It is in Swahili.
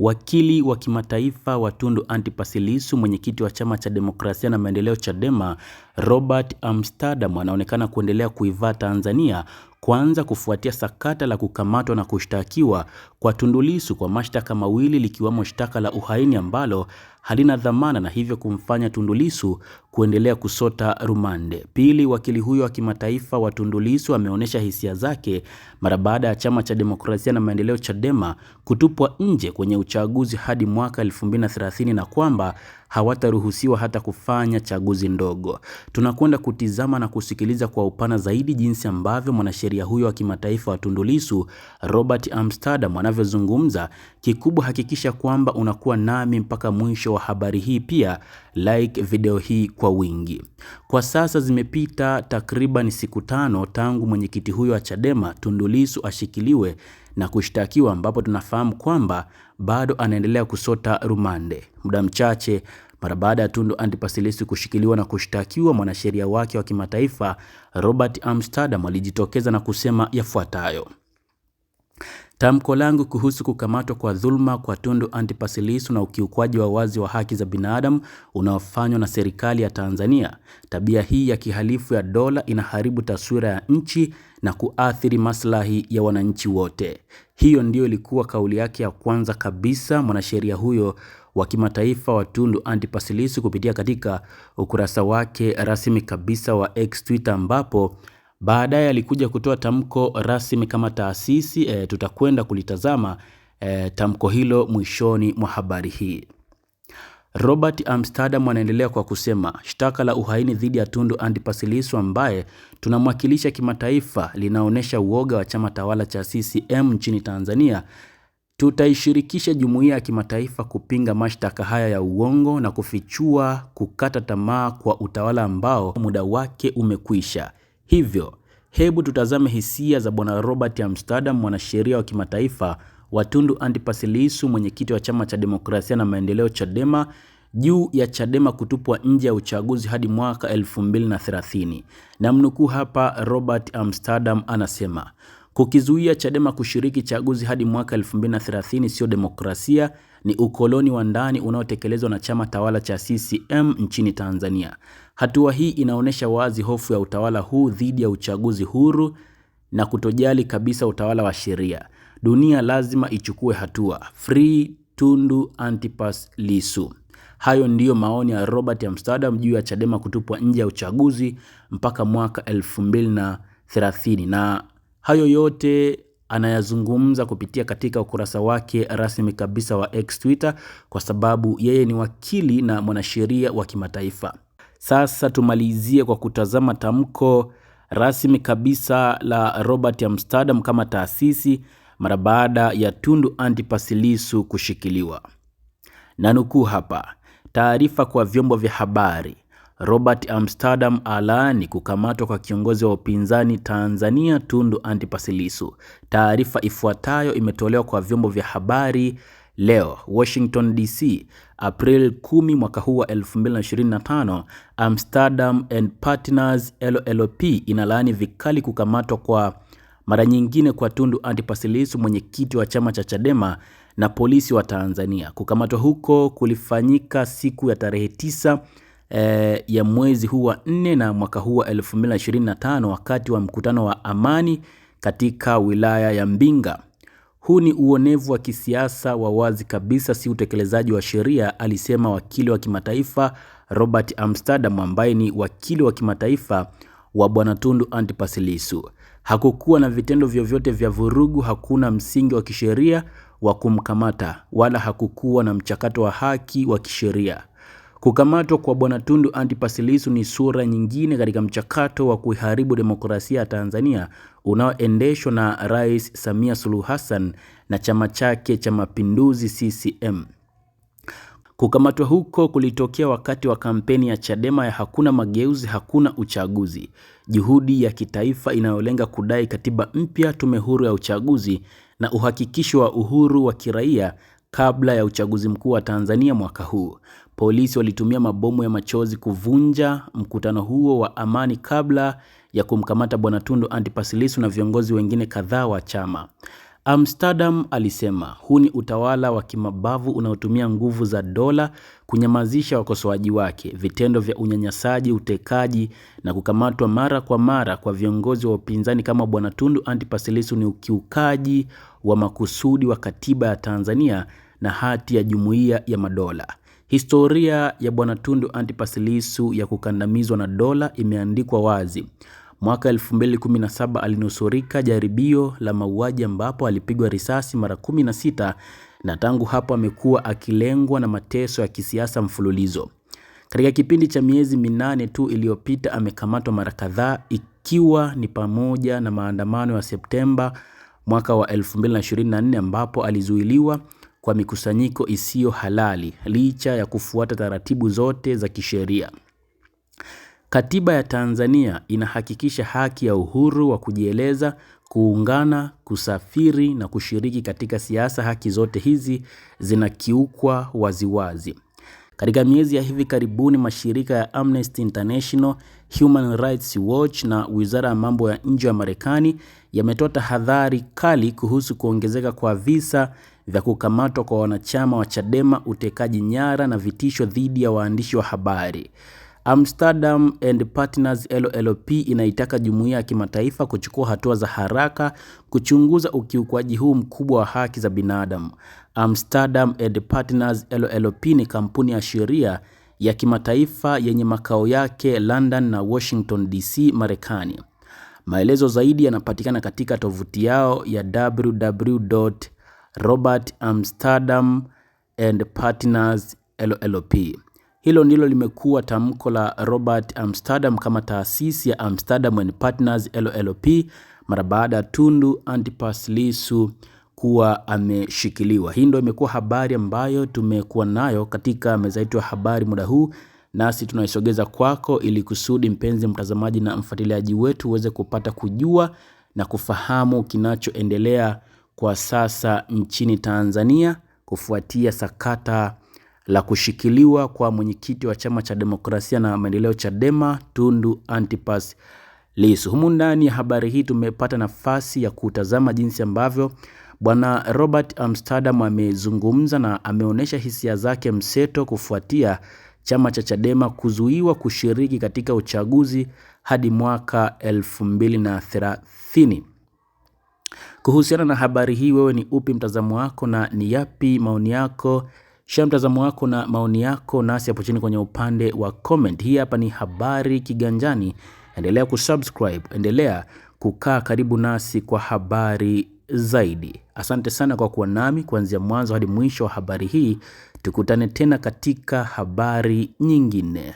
Wakili wa kimataifa wa Tundu Antipas Lissu, mwenyekiti wa chama cha demokrasia na maendeleo Chadema, Robert Amsterdam anaonekana kuendelea kuivaa Tanzania kwanza kufuatia sakata la kukamatwa na kushtakiwa kwa Tundu Lissu kwa mashtaka mawili likiwamo shtaka la uhaini ambalo halina dhamana na hivyo kumfanya Tundu Lissu kuendelea kusota rumande. Pili, wakili huyo wa kimataifa wa Tundu Lissu ameonyesha hisia zake mara baada ya chama cha demokrasia na maendeleo Chadema kutupwa nje kwenye uchaguzi hadi mwaka 2030 na kwamba hawataruhusiwa hata kufanya chaguzi ndogo. Tunakwenda kutizama na kusikiliza kwa upana zaidi jinsi ambavyo mwanasheria mwanasheria huyo wa kimataifa wa Tundu Lissu Robert Amsterdam anavyozungumza. Kikubwa hakikisha kwamba unakuwa nami mpaka mwisho wa habari hii, pia like video hii kwa wingi. Kwa sasa zimepita takriban siku tano tangu mwenyekiti huyo wa Chadema Tundu Lissu ashikiliwe na kushtakiwa, ambapo tunafahamu kwamba bado anaendelea kusota rumande. Muda mchache mara baada ya Tundu Antipas Lissu kushikiliwa na kushtakiwa, mwanasheria wake wa kimataifa Robert Amsterdam alijitokeza na kusema yafuatayo. Tamko langu kuhusu kukamatwa kwa dhuluma kwa Tundu Antipas Lissu na ukiukwaji wa wazi wa haki za binadamu unaofanywa na serikali ya Tanzania. Tabia hii ya kihalifu ya dola inaharibu taswira ya nchi na kuathiri maslahi ya wananchi wote. Hiyo ndiyo ilikuwa kauli yake ya kwanza kabisa mwanasheria huyo wa kimataifa wa Tundu Antipas Lissu kupitia katika ukurasa wake rasmi kabisa wa X Twitter ambapo Baadaye alikuja kutoa tamko rasmi kama taasisi e, tutakwenda kulitazama e, tamko hilo mwishoni mwa habari hii. Robert Amsterdam anaendelea kwa kusema shtaka la uhaini dhidi ya Tundu Antipas Lissu ambaye tunamwakilisha kimataifa linaonyesha uoga wa chama tawala cha CCM nchini Tanzania. Tutaishirikisha jumuiya ya kimataifa kupinga mashtaka haya ya uongo na kufichua kukata tamaa kwa utawala ambao muda wake umekwisha. Hivyo Hebu tutazame hisia za Bwana Robert Amsterdam, mwanasheria wa kimataifa wa Tundu Antipas Lissu, mwenyekiti wa chama cha demokrasia na maendeleo Chadema, juu ya Chadema kutupwa nje ya uchaguzi hadi mwaka 2030. Namnukuu hapa Robert Amsterdam anasema: Kukizuia Chadema kushiriki chaguzi hadi mwaka 2030 sio demokrasia, ni ukoloni wa ndani unaotekelezwa na chama tawala cha CCM nchini Tanzania. Hatua hii inaonyesha wazi hofu ya utawala huu dhidi ya uchaguzi huru na kutojali kabisa utawala wa sheria. Dunia lazima ichukue hatua. Free Tundu Antipas lisu Hayo ndiyo maoni ya Robert Amsterdam juu ya Chadema kutupwa nje ya uchaguzi mpaka mwaka 2030 na Hayo yote anayazungumza kupitia katika ukurasa wake rasmi kabisa wa X Twitter, kwa sababu yeye ni wakili na mwanasheria wa kimataifa. Sasa tumalizie kwa kutazama tamko rasmi kabisa la Robert Amsterdam kama taasisi mara baada ya Tundu Antipas Lissu kushikiliwa. Na nukuu hapa: taarifa kwa vyombo vya habari Robert Amsterdam alaani kukamatwa kwa kiongozi wa upinzani Tanzania Tundu Antipas Lissu. Taarifa ifuatayo imetolewa kwa vyombo vya habari leo. Washington DC, April 10 mwaka huu wa 2025. Amsterdam and Partners LLP inalaani vikali kukamatwa kwa mara nyingine kwa Tundu Antipas Lissu, mwenyekiti wa chama cha Chadema na polisi wa Tanzania. Kukamatwa huko kulifanyika siku ya tarehe 9 e, ya mwezi huu wa nne na mwaka huu wa 2025 wakati wa mkutano wa amani katika wilaya ya Mbinga. Huu ni uonevu wa kisiasa wa wazi kabisa, si utekelezaji wa sheria, alisema wakili wa kimataifa Robert Amsterdam ambaye ni wakili wa kimataifa wa Bwana Tundu Antipas Lissu. Hakukuwa na vitendo vyovyote vya vurugu, hakuna msingi wa kisheria wa kumkamata wala hakukuwa na mchakato wa haki wa kisheria. Kukamatwa kwa Bwana Tundu Antipas Lissu ni sura nyingine katika mchakato wa kuiharibu demokrasia ya Tanzania unaoendeshwa na Rais Samia Suluhu Hassan na chama chake cha Mapinduzi CCM. Kukamatwa huko kulitokea wakati wa kampeni ya Chadema ya hakuna mageuzi hakuna uchaguzi, juhudi ya kitaifa inayolenga kudai katiba mpya, tume huru ya uchaguzi na uhakikisho wa uhuru wa kiraia kabla ya uchaguzi mkuu wa Tanzania mwaka huu. Polisi walitumia mabomu ya machozi kuvunja mkutano huo wa amani kabla ya kumkamata Bwana Tundu Antipas Lissu na viongozi wengine kadhaa wa chama. Amsterdam alisema huu ni utawala wa kimabavu unaotumia nguvu za dola kunyamazisha wakosoaji wake. Vitendo vya unyanyasaji, utekaji na kukamatwa mara kwa mara kwa viongozi wa upinzani kama Bwana Tundu Antipas Lissu ni ukiukaji wa makusudi wa katiba ya Tanzania na hati ya Jumuiya ya Madola. Historia ya Bwana Tundu Antipas Lissu ya kukandamizwa na dola imeandikwa wazi. Mwaka 2017 alinusurika jaribio la mauaji ambapo alipigwa risasi mara 16 na tangu hapo amekuwa akilengwa na mateso ya kisiasa mfululizo. Katika kipindi cha miezi minane tu iliyopita amekamatwa mara kadhaa ikiwa ni pamoja na maandamano ya Septemba mwaka wa 2024 ambapo alizuiliwa kwa mikusanyiko isiyo halali licha ya kufuata taratibu zote za kisheria. Katiba ya Tanzania inahakikisha haki ya uhuru wa kujieleza, kuungana, kusafiri na kushiriki katika siasa. Haki zote hizi zinakiukwa waziwazi. Katika miezi ya hivi karibuni, mashirika ya Amnesty International, Human Rights Watch na Wizara ya Mambo ya Nje ya Marekani yametoa tahadhari kali kuhusu kuongezeka kwa visa vya kukamatwa kwa wanachama wa Chadema, utekaji nyara na vitisho dhidi ya waandishi wa habari. Amsterdam and Partners LLP inaitaka jumuiya ya kimataifa kuchukua hatua za haraka kuchunguza ukiukwaji huu mkubwa wa haki za binadamu. Amsterdam and Partners LLP ni kampuni ya sheria ya kimataifa yenye makao yake London na Washington DC, Marekani. Maelezo zaidi yanapatikana katika tovuti yao ya www Robert Amsterdam and Partners LLP. Hilo ndilo limekuwa tamko la Robert Amsterdam kama taasisi ya Amsterdam and Partners LLP mara baada ya Tundu Antipas Lissu kuwa ameshikiliwa. Hii ndio imekuwa habari ambayo tumekuwa nayo katika meza yetu ya habari muda huu, nasi tunaisogeza kwako ili kusudi mpenzi mtazamaji na mfuatiliaji wetu uweze kupata kujua na kufahamu kinachoendelea kwa sasa nchini Tanzania kufuatia sakata la kushikiliwa kwa mwenyekiti wa chama cha demokrasia na maendeleo Chadema, Tundu Antipas Lissu. Humu ndani ya habari hii tumepata nafasi ya kutazama jinsi ambavyo Bwana Robert Amsterdam amezungumza na ameonyesha hisia zake mseto kufuatia chama cha Chadema kuzuiwa kushiriki katika uchaguzi hadi mwaka 2030. Kuhusiana na habari hii, wewe ni upi mtazamo wako na ni yapi maoni yako? Share mtazamo wako na maoni yako nasi hapo chini kwenye upande wa comment. Hii hapa ni Habari Kiganjani. Endelea kusubscribe, endelea kukaa karibu nasi kwa habari zaidi. Asante sana kwa kuwa nami kuanzia mwanzo hadi mwisho wa habari hii. Tukutane tena katika habari nyingine.